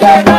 Yeah.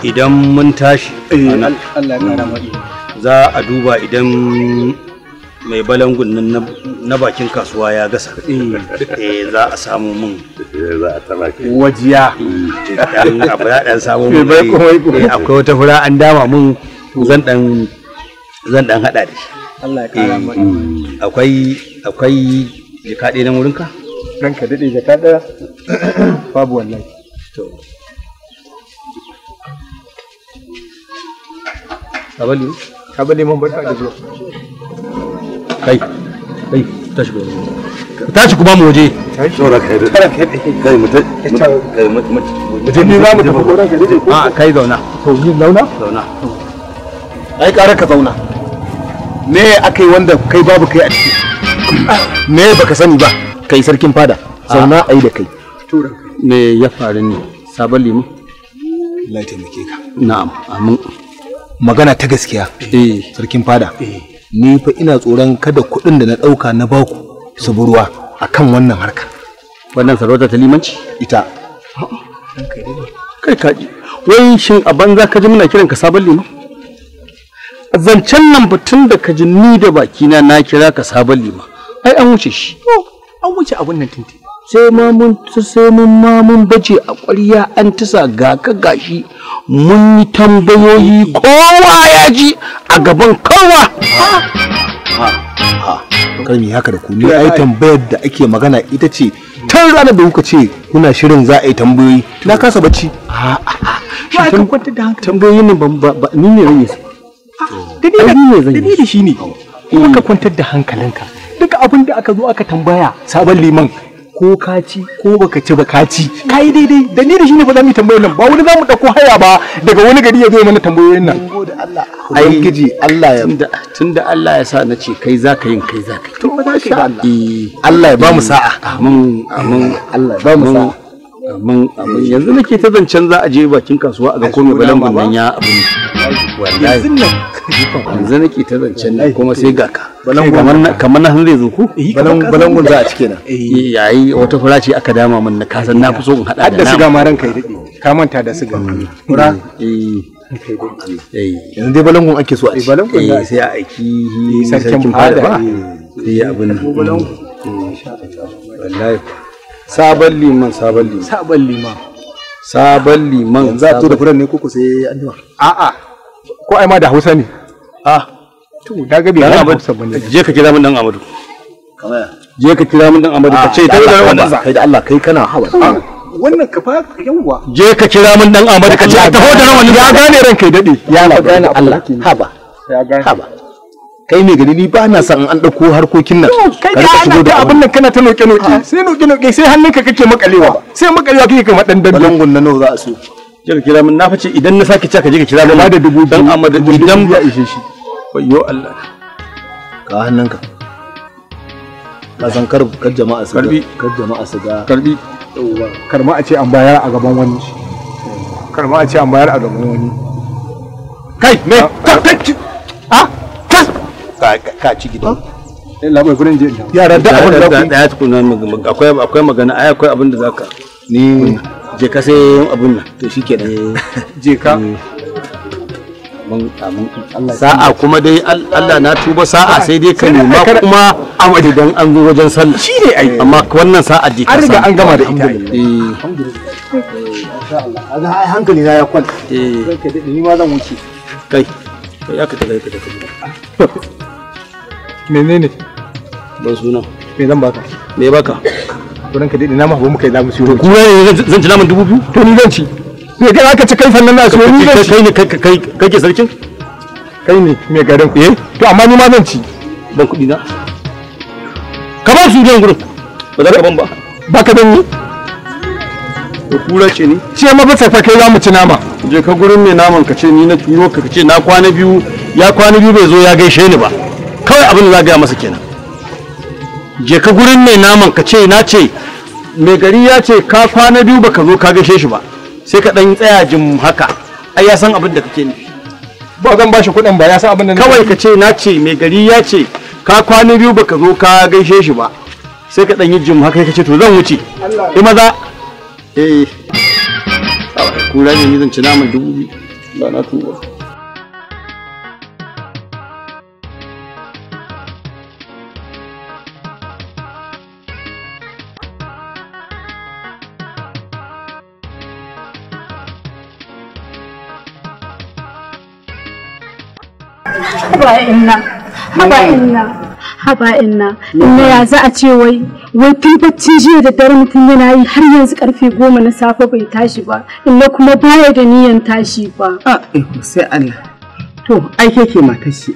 idan mun tashi eh, za a duba idan mai balangun nan na bakin kasuwa ya gasa eh. Eh, za a samu mun wajiya dan samu mun akwai wata fura an dama mun zan dan zan dan hada da shi akwai akwai jikaɗe na wurinka ranka daɗe jikaɗe babu wallahi to Abali, abali mun barka da zuwa. Kai, kai, tashi Tashi kuma mu waje. kai mu mu. Mu je ni baka sani ba? Kai sarkin fada. Zauna ai da kai. Me ya faru ne? Sabon limu? magana ta gaskiya eh sarkin fada eh. ni fa ina tsoron kada kuɗin da na ɗauka na baku su ruwa akan wannan harka wannan sarauta ta limanci ita kai kaji wai shin a banza ka ji muna kiran ka sabon liman zancen nan batun da ka ji ni da bakina na kira ka sabon liman ai an wuce shi an wuce abun nan tinti sai ma mun sai mun ma mun a ƙwarya an tisa ga ka gashi mun yi tambayoyi kowa ya ji a gaban kowa karmi haka da ku ni ai tambayar da ake magana ita ce tun ranar da kuka ce kuna shirin za a yi tambayoyi na kasa bacci tambayoyin nan ba ni ne zan yi su dalili shine oh. kuma ka kwantar da hankalinka duka abin da aka zo aka tambaya sabon liman ko ka ci ko baka ci ba ka ci kai daidai da ni da shi ne ba za mu tambayoyin nan ba wani za mu dauko haya ba daga wani gari ya zo mana tambayoyin nan ai giji Allah ya tunda Allah ya sa na ce kai za ka yin kai za ka yi to yi Allah eh, Allah ya ba mu mm. sa'a amin amin Allah ya ba mu sa'a domin abin yanzu nake ta zancen za a je bakin kasuwa a ga komai mai balangun nan ya abin wallahi yanzu nake ta zancen nan kuma sai ga ka balangun kamar nan zai zo ko eh, balangun za a cike kenan eh. eh, yayi wata fura ce aka dama min na kasan na fi so in hada da siga ma ranka dade ka manta da siga kura mm. eh yanzu dai balangun ake so a ci balangun sai a aiki sarkin fada ba sai abin nan Allah mm. wallahi sabon liman sabon liman sabon liman sabon liman yanzu a tura furen ne koko sai an a'a ko ai ma da hausa ne a ah. to da gabe na hausa bane je ka kira mun dan amadu je ka kira mun dan amadu ka ah, ce dai da wannan kai da Allah kai kana hawa wannan ka fa yawa je ka kira mun dan amadu ka ce a taho da rawan ya gane ranka kai dade ya gane Allah haba ya gane haba kai ne gari ni ba na san an dauko harkokin nan kai da ana da abin nan kana ta noke noke ah. sai noke noke sai hannunka kake makalewa sai makalewa kake kamar dan dan balangun na nawa za a so kira kira min na fice idan na saki ka je ka kira mun da dubu dan amma da ya ishe shi wayo Allah ka hannunka ka san kar kar jama'a su karbi kar jama'a su ga karbi karma a ce an bayar a gaban wani karma a ce an bayar a gaban wani kai me ah. ta kai ah ka ci gida eh, labai gurin je yara da abin da ku daya tukuna akwai akwai magana ai akwai abin da zaka ni je ka sai abin nan to ke da. je ka eh. ah, sa'a kuma dai Allah na tuba sa'a sai dai ka nema kuma amadi dan an zo wajen sallah shi ne ai eh. amma wannan sa'a ji ka riga an gama da ita eh alhamdulillah ai hankali na ya kwanta eh ni ma zan wuce kai ya ka ta kai ka ta menene ban suna me zan baka me baka to ranka dai ina ma ba muka yi zamu siyo ku ne zan ci naman dubu biyu to ni zan ci me kai aka ci kai fannan na siyo ni zan ci kai ne kai kai ke sarkin kai ne me garin ku eh to amma ni ma zan ci ban kuɗi na ka ba su gurin ba za ka ban ba ba ka ban ni kura ce ni ce ma ba sai kai zamu ci nama je ka gurin mai naman ka ce ni na turo ka ce na kwana biyu ya kwana biyu bai zo ya gaishe ni ba kawai abin da za gaya masa kenan je ka gurin mai naman ka ce na ce mai gari ya ce ka kwana biyu baka zo ka gaishe shi ba sai ka dan tsaya jim haka ai ya san abin da kake ni. ba zan bashi kuɗin ba ya san abin da kawai ka ce na ce mai gari ya ce ka kwana biyu baka zo ka gaishe shi ba sai ka dan yi jim haka ka ce to zan wuce eh maza eh kura ne ni zan ci naman dubu biyu ba na tuba haba inna haba inna haba inna inna ya za a ce wai wai tun bacci jiya da dare mutum yana yi har yanzu karfe goma na safe bai tashi ba inna kuma baya da niyan tashi ba a ah, eh, sai Allah to ai ke ke matar shi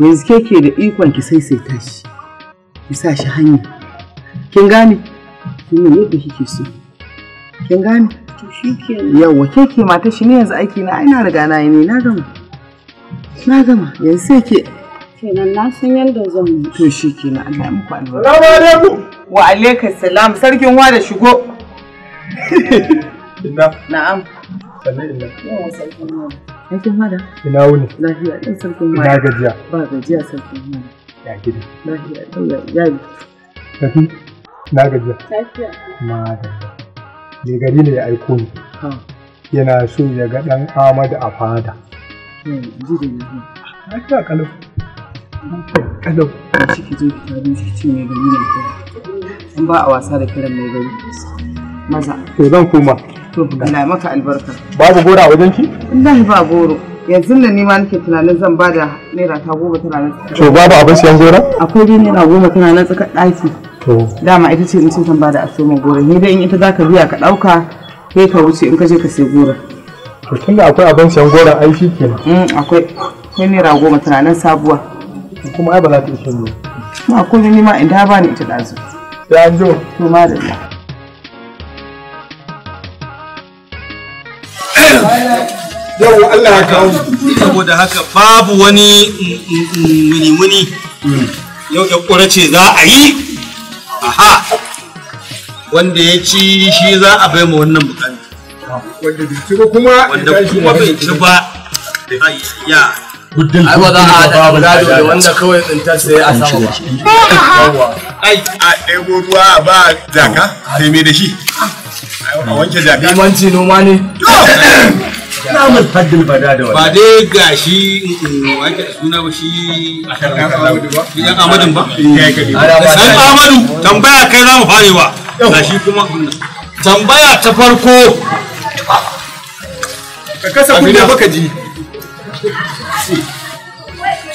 yanzu ke ke da ikon ki sai sai tashi ki sa shi hanya kin gane kin ne yadda kike so kin gane to shikenan yawa ke ke matar shi ne yanzu aiki na ai na riga na yi ne na gama Na gama yanzu yake. Kenan na san yadda zan yi. To shi kenan Allah ya muku albarka. Salamu alaikum. Wa alaikum salam sarkin wa da shigo. Ina. Na'am. Sannan ina. Yawa sarkin wa. Sarkin wa da. Ina wuni. Lafiya ɗin sarkin wa. Ina gajiya. Ba gajiya sarkin wa. Ya gida. Lafiya ɗin ya yi. Tafi. Na gajiya. Lafiya. Madalla. Me gari ne ya aiko ni. Yana so ya ga ɗan Ahmadu a fada. ji da yanzu lafiya kalau kalau da shi ke zo ki tare shi ce mai gari mai kyau an ba a wasa da kiran mai gari maza to zan koma to Allah maka albarka babu goro a wajen ki wallahi ba goro yanzu da nima ma nake tunanin zan ba da naira ta goma tana nan to babu abin siyan goro akwai dai naira goma tana nan tsakar ɗaki dama ita ce in ce zan ba da aso goro ni dai in ita ka biya ka ɗauka kai ka wuce in ka je ka sai goro to da akwai abin siyan goron ai shi kenan mm, akwai akwai naira goma tana nan sabuwa kuma ai ba za ta ishe ni ma ko ni ma idan ba ni ita dazu sai an jo to ma da yau Allah ya kawo saboda haka babu wani muni-muni yau ya ƙura ce za a yi aha wanda ya ci shi za a bai ma wannan bukatu wanda bai ci ba kuma wanda kuma bai ci ba ya gudun ai ba za a haɗa gado da wanda kawai tsinta sai a sama ba ai a ɗebo ruwa ba jaka sai me da shi a wanke jaka limanci noma ne namun faddin bada da wani ba dai ga shi eh, wanke suna ba shi a yan amadin ba san amadu eh, tambaya kai za mu farewa ga shi kuma tambaya ta farko ka kasa kunya baka ji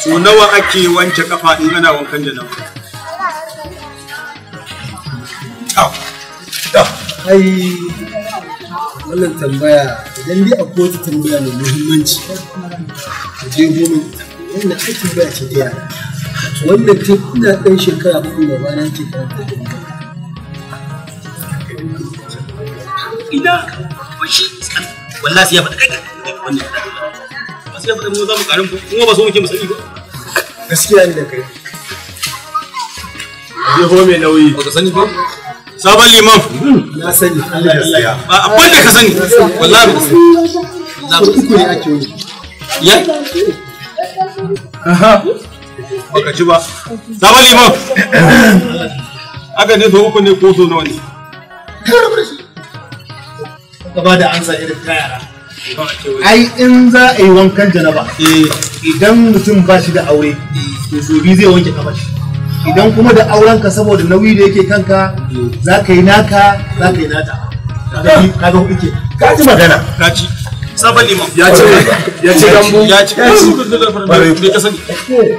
so nawa ake wanke kafa in ana wankan da nawa ai wannan tambaya idan dai akwai wata tambaya mai muhimmanci ka je goma wannan ai tambaya ce da yara wannan ta ina ɗan shekara uku da bana ke karanta da ina shi wallahi sai ya faɗa kai wannan ba sai ya faɗa mu za mu karin kuma ba so muke mu sani gaskiya ne da kai je ho mai nauyi ba ka sani ba sabon liman na sani ba da ka sani wallahi za mu uku ne ake yi ne uku ne ko so nawa ne ka ba da ansa irin ta yara ai in za a yi wankan janaba eh. idan mutum ba shi da aure to so biyu zai wanke kafa shi idan kuma da aurenka saboda nauyi da yake kanka eh. za ka yi naka za ka yi nata Ka ga hudu ke kaji magana kaji sabon liman ya ce ya ce gambo ya ce bai ka sani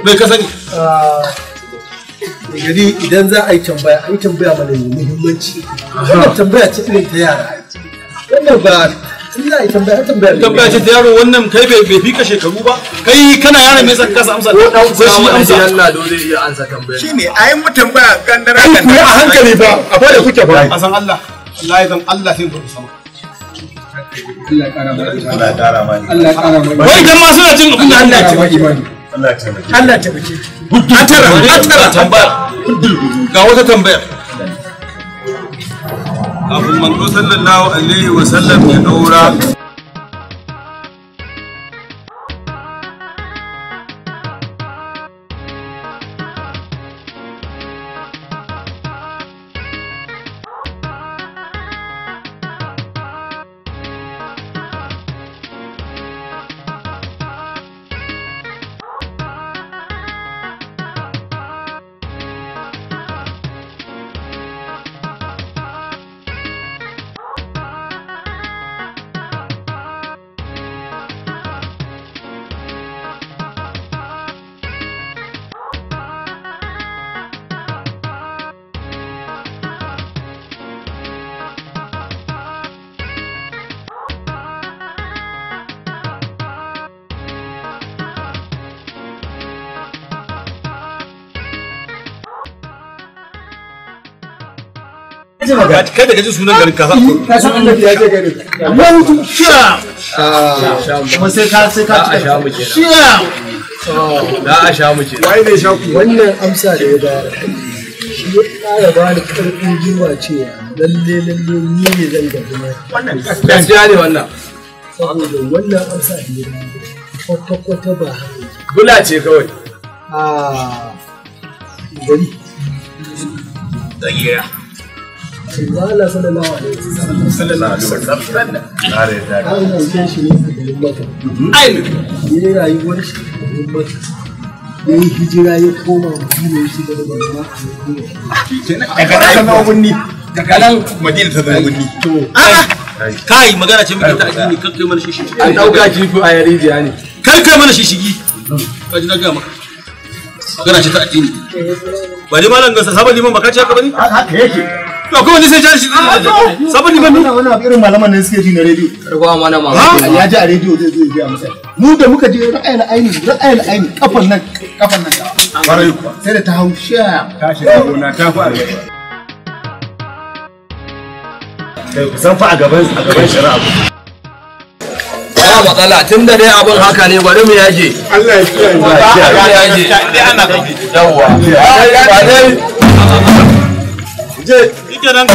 bai ka sani eh. gari idan za a yi tambaya an tambaya mana muhimmanci wannan tambaya ce irin ta yara wannan ba ina tambaya tambaya tambaya ce yaro wannan kai bai bai fika shekaru ba kai kana yaro me kasa amsa ko dan uwa Allah dole ya amsa tambaya shine mu tambaya a hankali a fara kuke a san Allah Allah ya zan Allah sai sama Allah ya kara mani Allah ya kara mani wai dan ma suna jin abin da Allah ya Allah ya Allah ya tara an tara tambaya ga wata tambaya kafin manzo sallallahu alaihi wasallam ya daura kai da gaji sunan garin ka ka san Allah ya ce gari wani shiya kuma sai ka sai ka ci da shiya da a sha muke wai ne sha ku wannan amsa da ya bayar shi ya ƙara ba da ƙarfin gwiwa cewa lalle lalle ni ne zan gaji mai wannan gaskiya ne wannan saboda wannan amsa da ya bayar kwata kwata ba bula ce kawai a ah, gari da gira shi bala sallallahu alaihi wasallam kare da an dauke shi ne a garin maka ai ne rayuwar shi a garin maka ya yi hijira ya koma madina ya shiga da barna a daga nan zama wunni daga nan madina ta zama wunni kai magana ce muke ta addini kar kai mana shishigi an dauka jifu a yarijiya ne kar kai mana shishigi ka ji na ga magana ce ta addini ba ji malam gasa sabon liman baka ce haka bane haka yake to ko wani sai ja shi saboda ban nuna wannan irin malaman ne suke ji na rediyo karwa amana mama ah, ya ji a rediyo zai zai biya masa mu da muka je ra'ayin aini ra'ayin aini kafan nan kafan nan kwarai kuwa sai da ta hau sha ta gona ta fi arewa kai kusan fa a gaban a gaban shari'a y'a matsala tun dai abin haka ne bari mu yaje Allah ya kiyaye mu yaje ana kake yawa ba dai je ita ne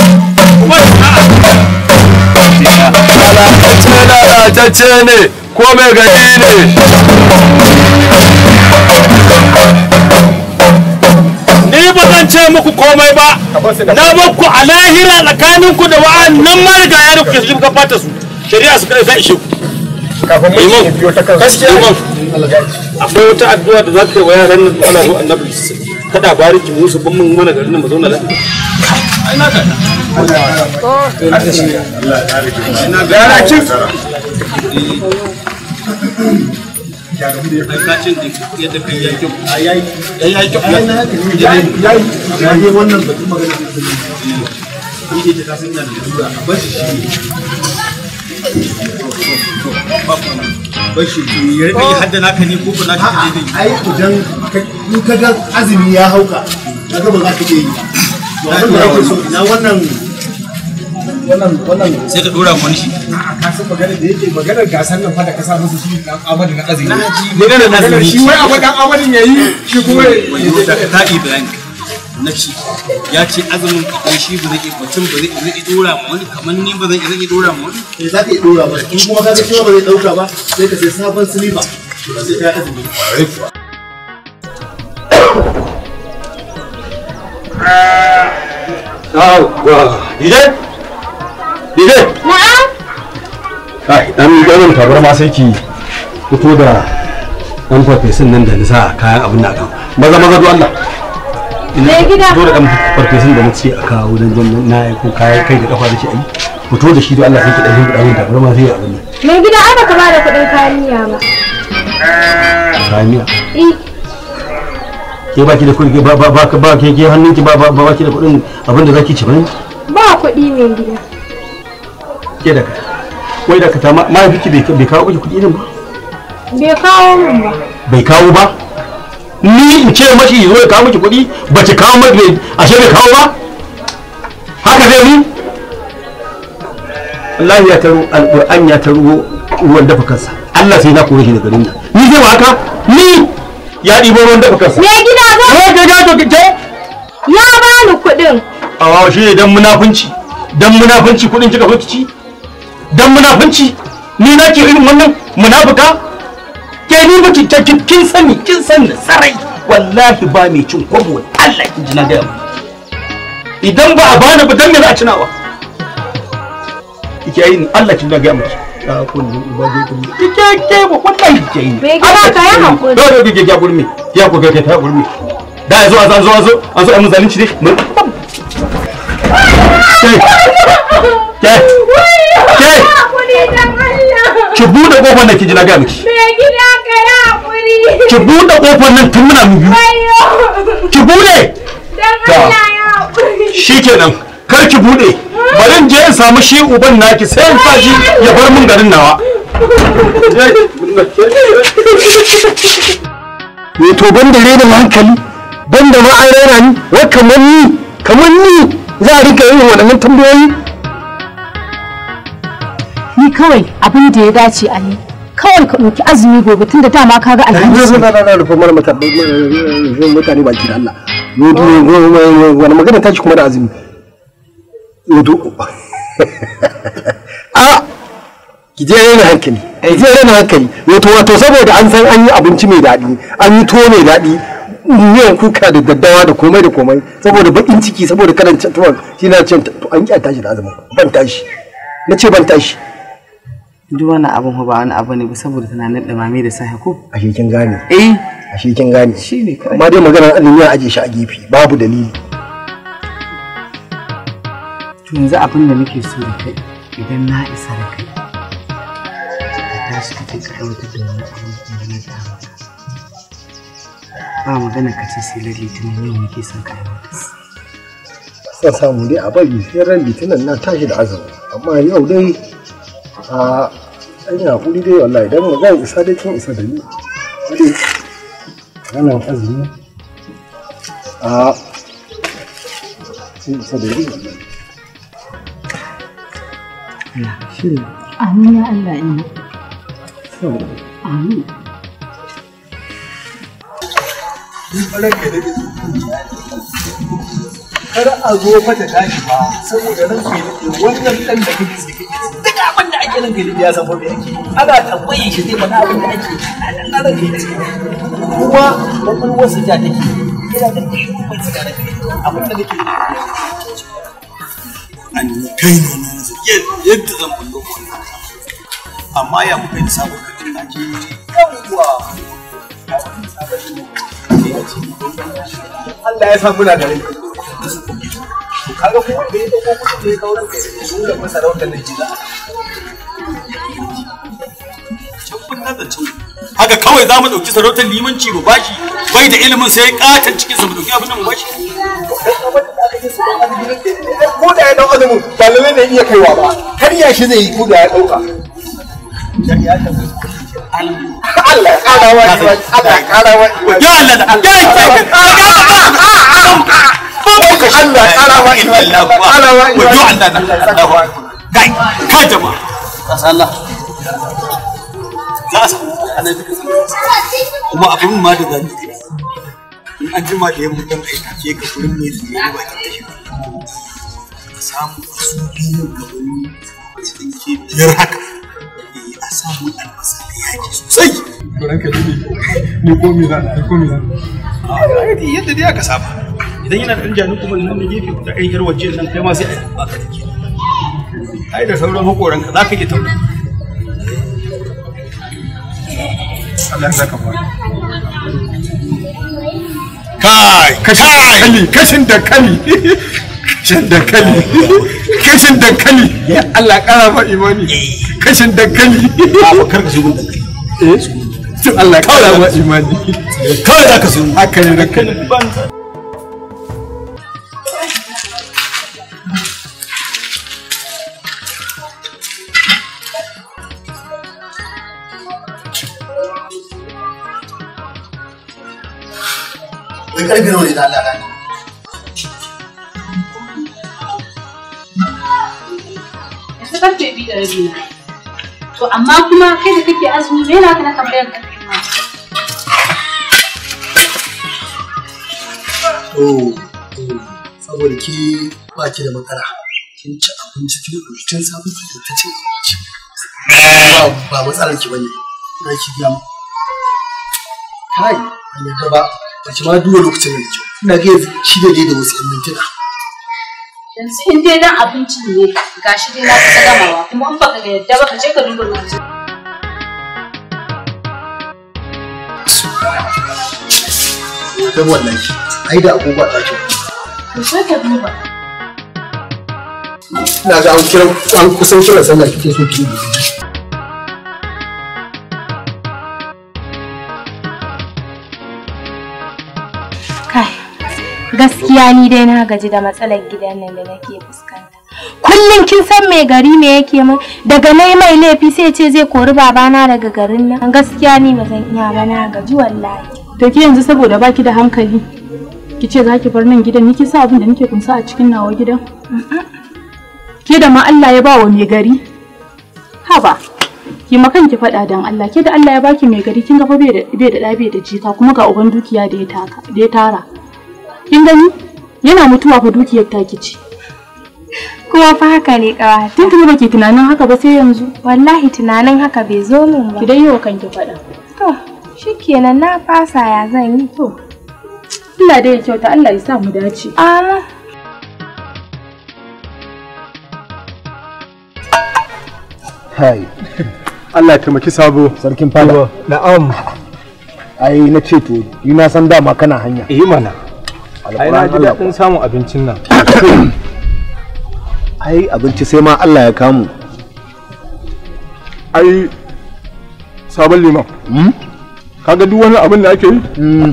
ko gari ne ni ba zan ce muku komai ba na baku a lahira tsakaninku da wa'annan marigaya da kuke shiga fata su shari'a su kai sai ishe ku kafin akwai wata addu'a da za ka yi wa yaran nan annabi kada bari ki musu bin mun mana garin mu zauna lafiya na ka Allah magana a bashi ya rika yi hadda naka ne ko na shi yi. ai idan in ka ga azumi ya hauka kaga ba za ka yi da na wannan wannan wannan sai ka dora mun shi a'a ka san magana da yake magana gasar nan fa da ka sa musu shi dan amadu na azumi na ji maganar azumi shi wai abu dan amadin yayi shi kuma ya ta ta ibrahim na ci ya ce azumin akwai shi ba zai iya mutum ba zai iya dora ma wani kamar ni ba zai iya dora ma wani eh za ka iya dora ba in kuma ka ga cewa ba zai dauka ba sai ka sai sabon silifa ba sai ka azumi Yawwa, dide? Dide? Na'am. Kai, dan garin tabar ma sai ki fito da dan farfesun nan da nisa kayan abin da kan. Maza maza don Allah. ina zo da dan farfesun da na ce a kawo wajen jan na kai da kafa da shi ai fito da shi don Allah sai ki sai ya abin nan gida ba da ba ke baki da kuɗi ba ba ke ba ba da kuɗin abin da zaki ci bane ba kuɗi mai gida ke da wai da ka ta ma bai kawo kuɗi irin ba bai kawo min ba bai kawo ba ni in ce mashi zo ya kawo miki kuɗi ba ci kawo a shi bai kawo ba haka zai mu Allah ya taro alƙur'an ya taru ruwan dafa kansa Allah sai na kore shi da garin nan ni zai wa haka ni ya ɗibo ruwan dafa kansa me gida ba ko ga ga to ke ya ba ni kuɗin a wawa shi ne dan munafunci dan munafunci kuɗin kika fi ci dan munafunci ni na ke irin wannan munafuka ke ni ba ki kin sani kin sani sarai wallahi ba mai cin kwabo Allah ki ji na da idan ba a bani ba dan me za a cinawa kike yin Allah ki na ga miki ta kullu ubaje kullu kike ke ba wallahi kike yi amma ka yi hakuri dole kike ga gurmi ya ku ga ta gurmi da yazo azan zo azo an zo an zalunci dai mun ke ke ke ki buɗe kofar nan ki ji na ga miki me gida ka ya hakuri ki buɗe kofar nan tun muna mu biyu ki buɗe dan Allah ya hakuri shikenan kar ki buɗe bari in je in samu shi uban naki sai in faji ya bar min garin nawa ne to ban da renin hankali ban da ma'an raina ni wai kamar ni kamar ni za a rika yin waɗannan tambayoyi kawai abin da ya dace a yi kawai ka ɗauki azumi gobe tun da dama ka ga alhaji ne na na rufe mana mutane baki da Allah wani magana ta ci kuma da azumi wudu a ki je yana hankali ki je yana hankali wato wato saboda an san an yi abinci mai daɗi an yi tuwo mai daɗi miyan kuka da daddawa da komai da komai saboda bakin ciki saboda karan tuwon shi na ce an ƙi a tashi da azumin ban tashi na ce ban tashi duk wani abin ba wani abu ne saboda tunanin ɗumame da sahi ko ashe kin gane eh ashe kin gane shine amma dai maganar annabi ya aje shi a gefe babu dalili to yanzu abin da nake so da kai idan na isa da kai Ta tashi ka kai ka wata tunanin da na ta ba magana ka ce sai lalle tunan yau nake son ka yi mata samu dai a bari sai ran litinin na tashi da azumi amma yau dai a ina kuɗi hakuri dai wallahi dan magana isa dai kin isa da ni dai ana azumi a kin isa da ni amin ya Allah in amin kada a zo fata tashi ba saboda ranke wannan dan da kike kike duk abin da ake nan gari ya zama mai ake ana tambayin shi zai faɗa abin da ake a nan ranar kai ce kuma kwakwalwar su ta take yana da ɗaya kwakwalwar su abin da nake an kai ne na yadda zan bullo amma ya kuka yi sabon kakin na ke yawwa Allah ya san muna da rai kaga kuma da ya dauko kudin da ya kawo ranka ya da masarautar Najeriya haka kawai za mu ɗauki sarautar limanci mu bashi bai da ilimin sai katon sa mu ɗauki abin da mu bashi ko da ya azumin ba ne iya kaiwa ba har ya shi zai yi ko da ya ɗauka Allah ya ƙara wa Allah ya ƙara wa ya Allah ya ƙara wa Allah ya ƙara wa kuma abin ma da zan yi in an jima da yamma don aika ke ka kurin mai zuwa ba ki tashi a samu a su biyu gaban cikin ke biyar haka eh, a samu albasa da yaki sosai kuran ka ne ne ko mi zan ko mi ah, yadda dai aka saba idan yana da ɗan jani kuma da gefe da kai yar waje nan kai ma sai a baka take ai da sauran hakoranka za ka iya tauna Allah saka kai kai kashin dankali kashin kashin ya Allah kara ma imani eh. kashin dankali ba kar ka shigo eh to Allah kara ma imani kawai zaka so haka ne karfe nawa ne da Allah to amma kuma kai da kake azumi me yana na tambayar karfe to oh, oh, saboda ki ba ki da makara, kin ci abinci kin ki ta abinci ba matsalar ki bane na ki gama kai ba mace ma duk lokacin da kyau ina ga yanzu shi da da wasu mintuna yanzu in dai dan abinci ne ga shi dai na kusa gamawa kuma in baka ga yadda ba ka je ka duba lokacin ta wallahi ai da agogo ta ce ku sai ka duba Ina ga an kusan kira sallah kike so ki duba gaskiya ni dai na gaji da matsalar gidan nan da nake fuskanta kullum kin san mai gari me yake min daga nai mai laifi sai ce zai kori babana daga garin nan gaskiya ni ba zan iya ba na gaji wallahi to ki yanzu saboda baki da hankali ki ce za ki bar nan gidan ni ki sa abin da nake kunsa a cikin nawa gidan ke da ma Allah ya bawa mai gari haba ki makan ki faɗa dan Allah ke da Allah ya baki mai gari kin ga fa bai da bai da bai da jika kuma ga uban dukiya da ya taka da ya tara kin gani yana mutuwa ku dukiyar ta ce kuma fa haka ne kawa tun tuni baki tunanin haka ba sai yanzu wallahi tunanin haka bai zo min ba ki yau kan ki faɗa to shikenan na fasa ya zan yi to Allah dai ya kyauta Allah ya sa mu dace amin Hai. Allah ya taimaki sabo. Sarkin fada. Na'am. Ai na ce to, yi na san dama kana hanya. Eh mana. ai na ji samun abincin nan ai abinci sai ma Allah ya kamu ai sabon liman hmm? kaga duk wani abin da ake yi hmm.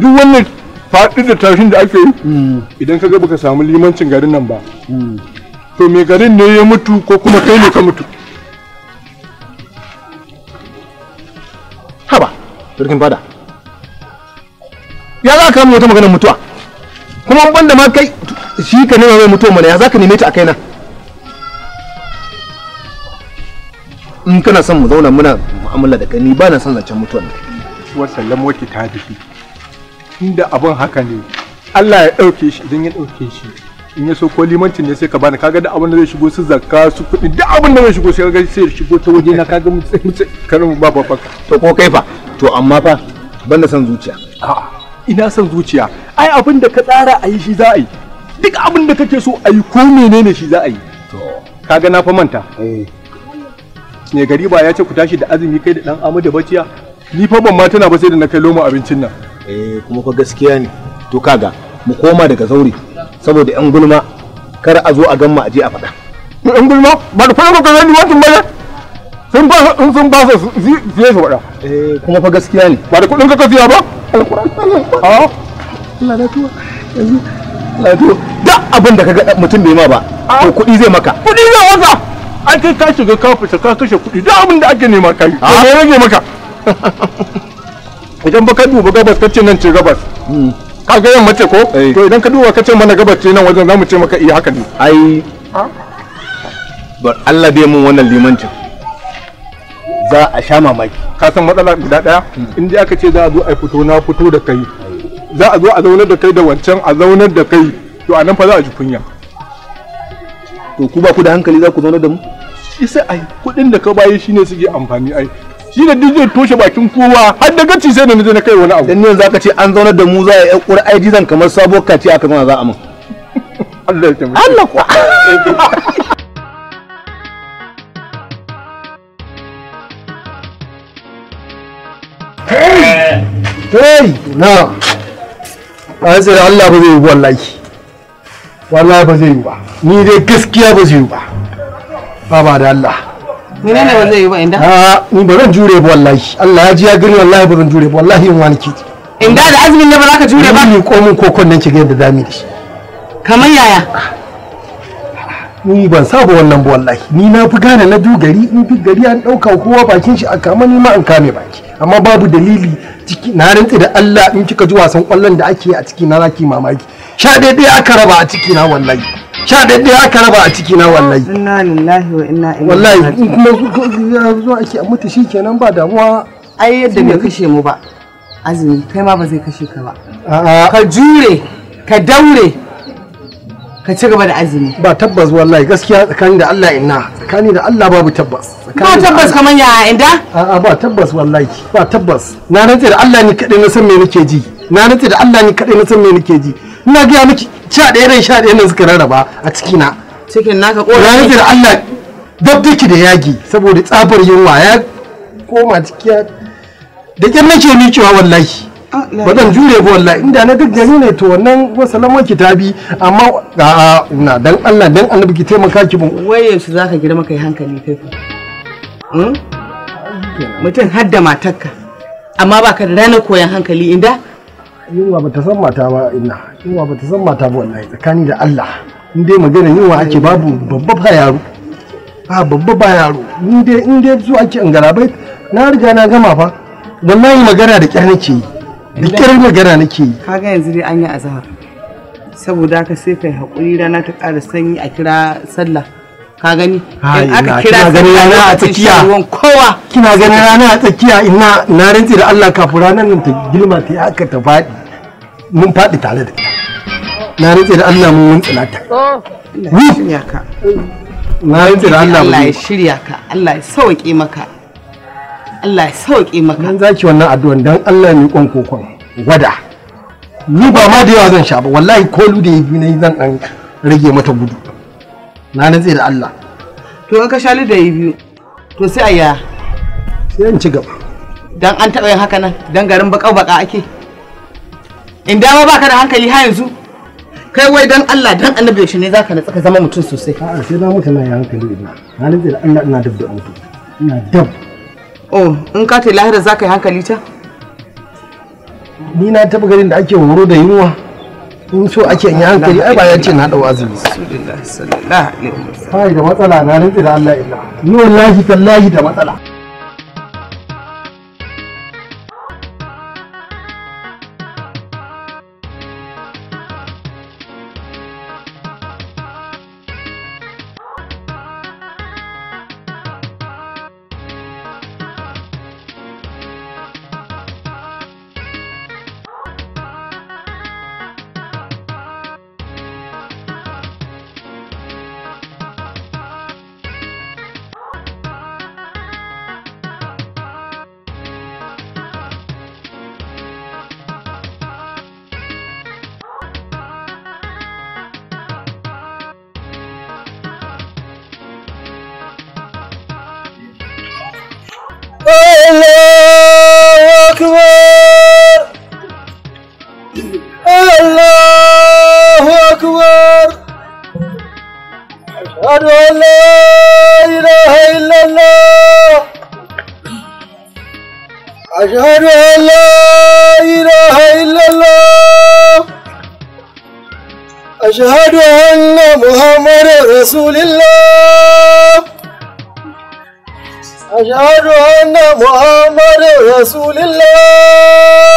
duk wani faɗi da tashin da ake yi hmm. idan kaga baka samu limancin garin nan ba to me garin ne ya mutu ko kuma kai ne ka mutu haba turkin bada ya za ka mu wata maganar mutuwa kuma ban ma kai shi ka nema mai mutuwa mana ya za ka neme ta a kaina in kana son mu zauna muna mu'amala da kai ba na son zancen mutuwa ne wa sallam wake ta dafi inda abun haka ne Allah ya ɗauke shi idan ya ɗauke shi in ya so ko limancin ne sai ka bani kaga da abin da zai shigo su zakka su kudi duk abin da zai shigo sai kaga sai shigo ta waje na kaga mu karin ba ba to ko kai fa to amma fa banda son zuciya a'a ina son zuciya ai abin da ka tsara ayi yi shi za a yi duk abin da kake so ayi ko menene shi za a yi kaga na fa manta ne eh. gari ba ya ce ku tashi da azumi kai da dan amu da baciya ni fa ban ma tana ba sai da na kai loma abincin nan eh kuma fa gaskiya ne to kaga mu koma daga zauri saboda yan gulma kar a zo a gamma a je a faɗa yan gulma ba da fara ka gani wannan ba sun ba in sun ba su zai su wada eh kuma fa gaskiya ne ba da kudin ka kasiya ba a ah. Allah na tuwa yanzu lafiya da abin da kaga mutum bai ma ba ah. to kudi zai maka kudi zai maka an kai ka shiga ka fita ka kashe kudi da abin da ake nema kai to ah. me rage maka idan baka duba gabas kace nan ce gabas hmm. ka ga yamma ce ko eh. to idan ka duba kace mana gabas ce nan wajen zamu ce maka iya eh, haka ne ai ba Allah bai mun wannan limancin za a sha mamaki ka san matsala guda daya in dai aka ce za a zo a fito na fito da kai za a zo a zaunar da kai da wancan a zaunar da kai to anan fa za a ji kunya to ku ba ku da hankali za ku zauna da mu isa ai kudin da ka bayi shine suke amfani ai shi da dijiyar toshe bakin kowa har da gaci sai na je na kai wani abu dan ne zaka ce an zaunar da mu za a yi ƙur'ai zan kamar sabo kaci aka zauna za a mun Allah ya tabbata Allah ku kai na an tsira Allah ba zai yi wallahi wallahi ba zai yi ba ni dai gaskiya ba zai yi ba ba ba da Allah ni ne ba zai yi ba inda a ni ba zan jure ba wallahi Allah ya ji ya gani wallahi ba zan jure ba wallahi in wani kiti inda da azumin ne ba za ka jure ba ni ko komin kokon nan ki ga yadda zamu yi kamar yaya ah. ni ban saba wannan ba wallahi ni na fi gane na duk gari in fi gari an ɗauka kowa bakin shi a kama ni ma an kame baki amma babu dalili ciki na rantsi da Allah in kika ji wasan kwallon da ake a ciki na zaki mamaki sha ɗaya aka raba a ciki na wallahi sha ɗaya aka raba a ciki na wallahi inna lillahi wa inna ilaihi wallahi in kuma zuwa ake a mutu shikenan ba damuwa ai yadda bai kashe mu ba azumi kai ma ba zai kashe ka ba ka jure ka daure ka ci gaba da azumi ba tabbas wallahi gaskiya tsakani da Allah inna tsakani da Allah babu tabbas ba tabbas kamar ya inda a'a ba tabbas wallahi ba tabbas na rantsa da Allah ni kadai na san me nake ji na rantsa da Allah ni kadai na san me nake ji ina ga miki sha da ran sha ɗaya nan suka rarraba a ciki na cikin naka ko na rantsa da Allah dab take da yagi saboda tsabar yunwa ya koma ciki da kyan nake miƙewa wallahi ba zan jure ba wallahi inda na duk gari ne to wannan wasalan waki ta bi amma a'a na dan Allah dan annabi ki taimaka ki bin waye su zaka girma maka hankali kai fa hmm? mutum hadda matarka amma baka da ranar koyan hankali inda yunwa ba ta san mata ba ina yunwa ba ta san mata ba wallahi tsakani da Allah in dai magana yunwa ake babu babba ba yaro a babba ba yaro in dai in dai zuwa ake in na riga na gama fa wallahi magana da kyanace yi bikirar magana nake yi kaga yanzu dai an yi azahar saboda ka sai kai hakuri rana ta ƙara sanyi a kira sallah ka gani in aka kira rana a tsakiya ruwan kowa kina gani rana a tsakiya ina na rantsi da Allah kafin ranar nan ta girma ta aka ta faɗi mun faɗi tare da na rantsi da Allah mun wuntsila ta oh, Allah ya shirya Allah ya shirya ka Allah ya sauke maka Allah ya sauke maka dan zaki wannan addu'an dan Allah ne kon kokon gwada ni ba ma da yawa zan sha ba wallahi ko lu da yibi nayi zan dan rage mata gudu na nan zai da Allah to in ka sha lu da yibi to sai aya sai in ci gaba dan an taɓa yin haka nan dan garin baka baka ake in dama baka da hankali ha yanzu kai wai dan Allah dan annabi shi ne zaka na tsaka zama mutum sosai a'a sai na mutuna ya hankali ina halin da Allah ina dabda da mutu ina dabda. oh in ka tai lahira za ka yi hankali ta ni na tafi garin da ake horo da yunwa in so ake yi hankali ai ba ya ce na dawo azumi ba da matsala na rinzi da Allah illa ni wallahi tallahi da matsala أكبر أشهد أن لا إله إلا الله أشهد أن لا إله إلا الله أشهد أن محمد رسول الله أشهد أن محمد رسول الله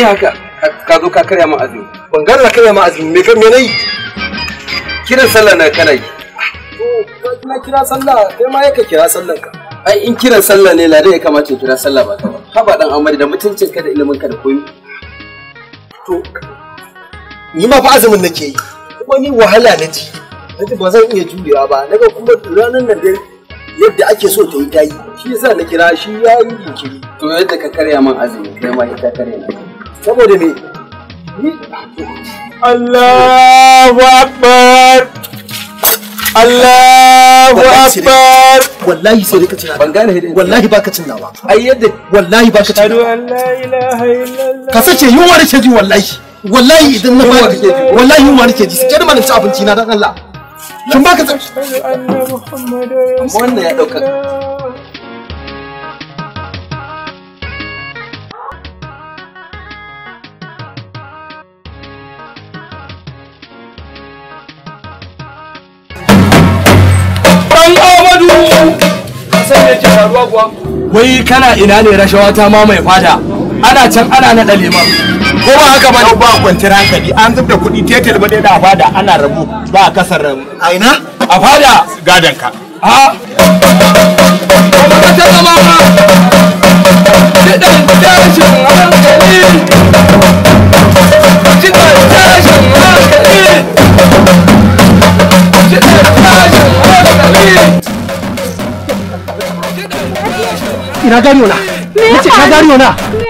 Ni haka ka zo ka karya min azumi ban gara karya min azumi me me menai kiran sallah na kana yi na kira sallah kai ma yake kira sallah ka ai in kiran sallah ne ladan ya kamata ya kira sallah ba ka ba haba dan amari da mutuncin ka da ilimin ka da koyi to ni ma fa azumin nake yi kuma ni wahala na ji naji ba zan iya jurewa ba naga kuma ranar nan dai yadda ake so ta yi ta yi shi yasa na kira shi ya yi jinkiri to yadda ka karya man azumi kai ma ita karya saboda me Allahu akbar Allahu akbar wallahi sai ka cin ban gane hidin wallahi baka cin nawa ai yadda wallahi baka cin illallah ka sace yunwa da ji wallahi wallahi idan na fara wallahi yunwa da ji sai malamin ci abinci na dan Allah kin baka wannan ya dauka Malam Ahmadu yake faruwa kuwa wai kana ina ne rashawa ta ma mai fada ana can ana na daliman ko ba haka ba ba kwanciyar hankali an zubda kuɗi tetel ba dai da fada ana rabu ba kasar a ina a fada gadan ka a kuma ta zama ma kiɗan tashin hankali kiɗan tashin hankali kiɗan tashin Ina gari ona? Nace ina gari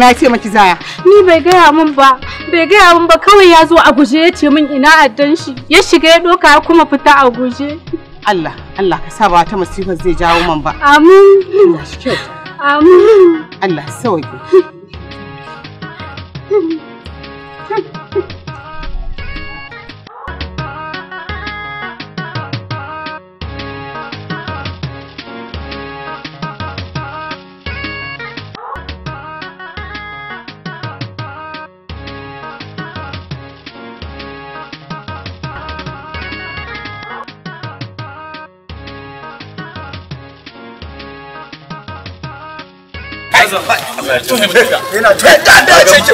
wallahi na ce maki zaya ni bai gaya min ba bai gaya min ba kawai ya zo a guje ya ce min ina addan shi ya shiga ya doka ya kuma fita a guje Allah Allah ka sa ba ta masifar zai jawo man ba amin Allah shi kyau amin Allah sauki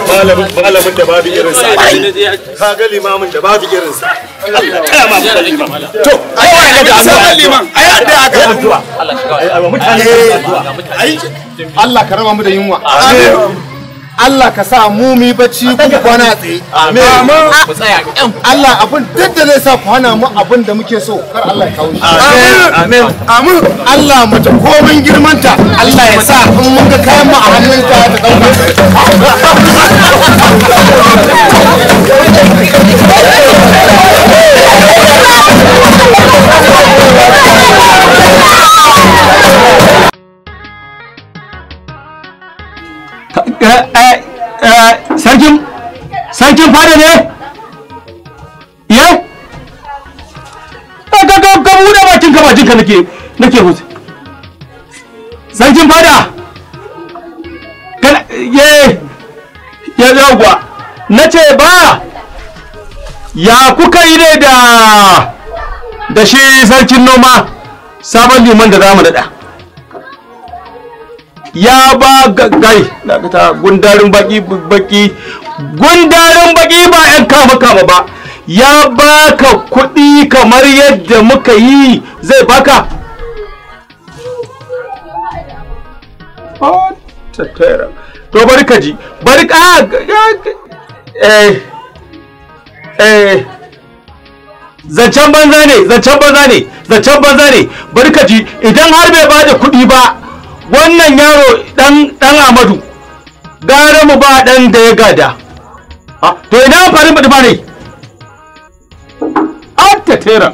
malamin da babu irin sa ka ga limamin da babu irin sa Allah ma to ai ai da ai addu'a ga ai mutane ai Allah ka raba mu da yunwa amin Allah ka sa mu mi bacci ku kwana tsaye amin ku tsaya Allah abin duk da zai sa ku hana mu abin da muke so kar Allah ya kawo shi amin amin Allah mata komin girmanta Allah ya sa in mun ga kayan mu a hannun ta ta dauka Eh, eh, eh, sarkin sarkin fada ne ya ka ka ka bakin ka bakin ka nake nake hutu sarkin fada ya ya yawwa na ce ba ya kuka yi ne da da shi sarkin noma sabon liman da za mu daɗa ya ba gai dakata gundarin baki baki gundarin baki ba yan kama kama ba ya baka kuɗi kamar yadda muka yi zai baka to bari ka ji bari ka ah, eh eh zancen banza ne zancen banza ne zancen banza ne bari ka ji idan har bai bada kuɗi ba wannan yaro dan dan amadu gara mu ba dan da ya gada to idan farin bada bare atta tera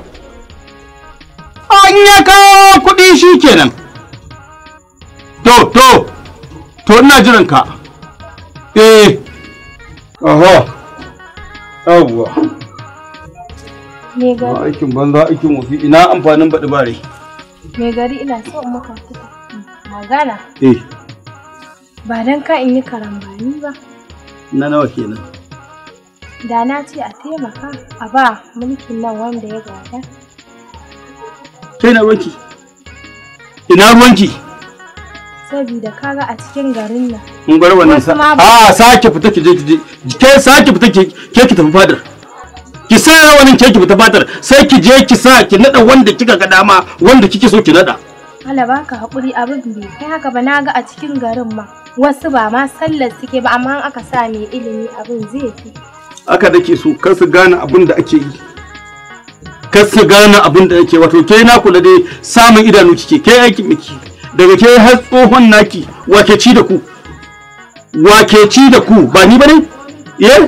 an ya kawo kuɗi shi kenan to to to ina jiran ka eh aha yawwa aikin banza aikin wofi ina amfanin baɗi bare mai gari ina so maka magana? Eh. Ba don ka in yi karambani ba. Na nawa kenan. Da na ce a taimaka a ba mulkin nan wanda ya gada. Kai na ruwanki? Ina ruwanki? Sabida kaga a cikin garin nan. in bar wannan sa. A sake fita ki je ki je. Ke sake fita ki ke ki tafi fadar. Ki sa rawanin ke ki fita fadar sai ki je ki sa ki nada wanda kika ga dama wanda kike so ki nada. Allah baka haƙuri abin bai kai haka ba na ga a cikin garin ma wasu ba ma sallar suke ba amma aka sa mai ilimi abin zai fi aka dake su kar su gane abin da ake yi kar su gane abin da ake wato ke na kula dai samun idanu kike ke aiki miki daga ke har tsohon naki wake ci da ku wake ci da ku ba ni bane eh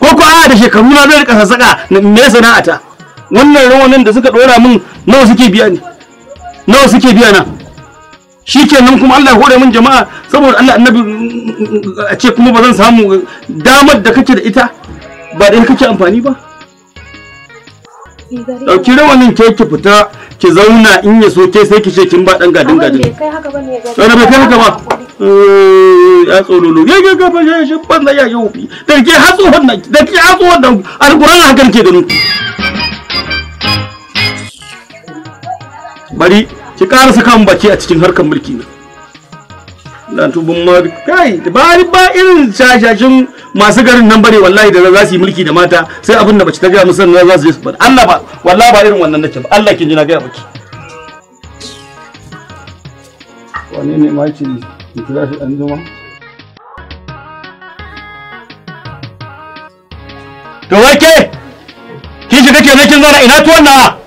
ko ko a da shekaru na zai rika sassaka me sana'ata wannan rawanin da suka dora min nawa suke biya ni nawa suke biya na Shi nan kuma Allah ya hore min jama'a saboda Allah annabi a ce kuma ba zan samu damar da kake da ita ba da kake amfani ba dauki rawanin ke ki fita ki zauna in ya so ke sai ki ce kin ba dan gadin gadin to ne kai haka ba eh, ya tsololo ya ga gaba ya shi da ya yi hufi da ke hatsu wannan da ke hatsu wannan alquran hakan ke ni bari ki ƙara kan baki a cikin harkar mulki na to tubun ma kai Bari ba irin shashashin masu garin nan bare wallahi da za su yi mulki da mata sai abin da bace ta ga musu za su yi su Allah ba wallahi ba irin wannan nake ba Allah kin ji na ga baki Wani ne maki ki kira shi an zuma to wake kin shiga kenan kin zara ina tuwon nawa